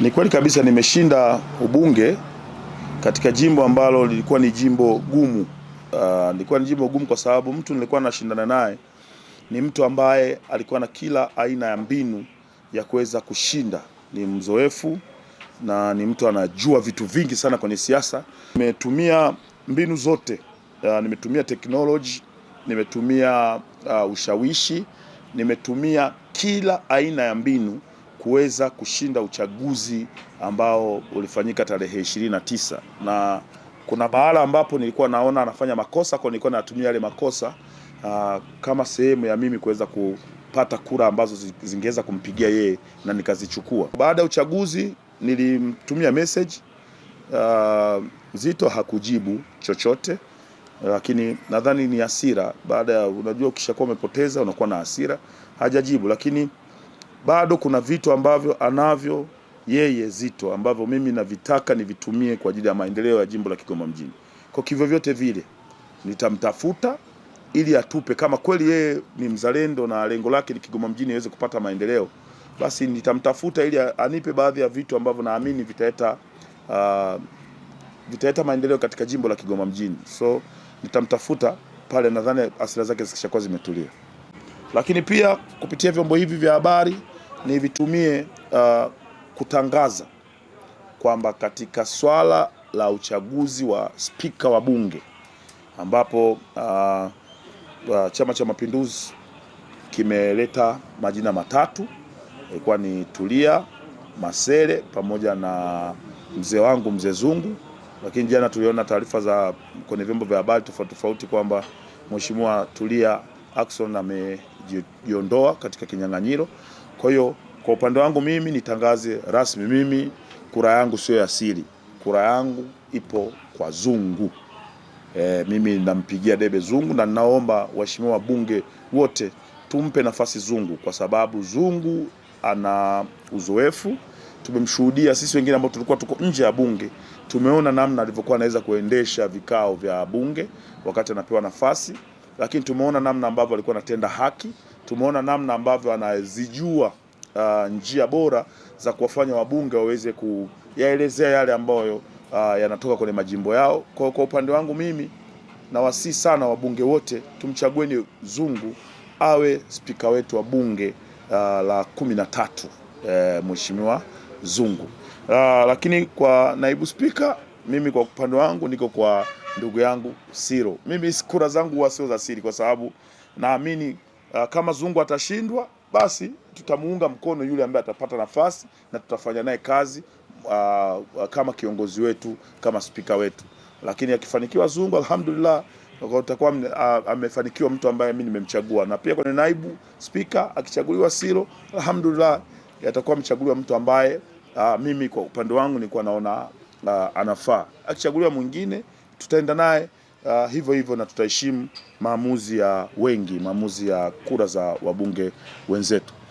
Ni kweli kabisa nimeshinda ubunge katika jimbo ambalo lilikuwa ni jimbo gumu. Uh, lilikuwa ni jimbo gumu kwa sababu mtu nilikuwa nashindana naye ni mtu ambaye alikuwa na kila aina ya mbinu ya kuweza kushinda. Ni mzoefu na ni mtu anajua vitu vingi sana kwenye siasa. Nimetumia mbinu zote, uh, nimetumia technology, nimetumia uh, ushawishi, nimetumia kila aina ya mbinu kuweza kushinda uchaguzi ambao ulifanyika tarehe ishirini na tisa kuna mahala ambapo nilikuwa naona anafanya makosa kwa nilikuwa natumia yale makosa uh, kama sehemu ya mimi kuweza kupata kura ambazo zingeweza kumpigia yeye na nikazichukua. Baada ya uchaguzi nilimtumia message uh, ah, Zito hakujibu chochote, lakini nadhani ni hasira. Baada ya unajua, ukishakuwa umepoteza unakuwa na hasira, hajajibu lakini bado kuna vitu ambavyo anavyo yeye Zito ambavyo mimi navitaka nivitumie kwa ajili ya maendeleo ya jimbo la Kigoma mjini. Kwa kivyo vyote vile nitamtafuta ili atupe, kama kweli yeye ni mzalendo na lengo lake ni Kigoma mjini iweze kupata maendeleo, basi nitamtafuta ili anipe baadhi ya vitu ambavyo naamini vitaleta uh, vitaleta maendeleo katika jimbo la Kigoma mjini. So nitamtafuta pale, nadhani asira zake zikishakuwa zimetulia. Lakini pia kupitia vyombo hivi vya habari nivitumie uh, kutangaza kwamba katika swala la uchaguzi wa spika wa bunge ambapo uh, uh, Chama cha Mapinduzi kimeleta majina matatu, ilikuwa ni Tulia Masere pamoja na mzee wangu mzee Zungu, lakini jana tuliona taarifa za kwenye vyombo vya habari tofauti tofauti kwamba Mheshimiwa Tulia Ackson ame kujiondoa katika kinyang'anyiro. Kwa hiyo kwa upande wangu mimi nitangaze rasmi, mimi kura yangu sio ya siri, kura yangu ipo kwa Zungu. E, mimi nampigia debe Zungu na ninaomba waheshimiwa wabunge wote tumpe nafasi Zungu kwa sababu Zungu ana uzoefu. Tumemshuhudia sisi wengine ambao tulikuwa tuko nje ya bunge, tumeona namna alivyokuwa anaweza kuendesha vikao vya bunge wakati anapewa nafasi lakini tumeona namna ambavyo alikuwa anatenda haki, tumeona namna ambavyo anazijua uh, njia bora za kuwafanya wabunge waweze kuyaelezea yale ambayo uh, yanatoka kwenye majimbo yao. Kwa, kwa upande wangu mimi nawasihi sana wabunge wote tumchagueni Zungu awe spika wetu wa bunge uh, la kumi na tatu eh, mheshimiwa Zungu uh, lakini kwa naibu spika mimi kwa upande wangu niko kwa ndugu yangu Siro. Mimi kura zangu huwa sio za siri, kwa sababu naamini uh, kama Zungu atashindwa basi tutamuunga mkono yule ambaye atapata nafasi na tutafanya naye kazi uh, uh kama kiongozi wetu kama spika wetu, lakini akifanikiwa Zungu, alhamdulillah utakuwa amefanikiwa mtu ambaye mimi nimemchagua, na pia kwenye naibu spika akichaguliwa Siro, alhamdulillah atakuwa amechaguliwa mtu ambaye uh, mimi kwa upande wangu nilikuwa naona anafaa. Akichaguliwa mwingine tutaenda naye uh, hivyo hivyo na tutaheshimu maamuzi ya wengi, maamuzi ya kura za wabunge wenzetu.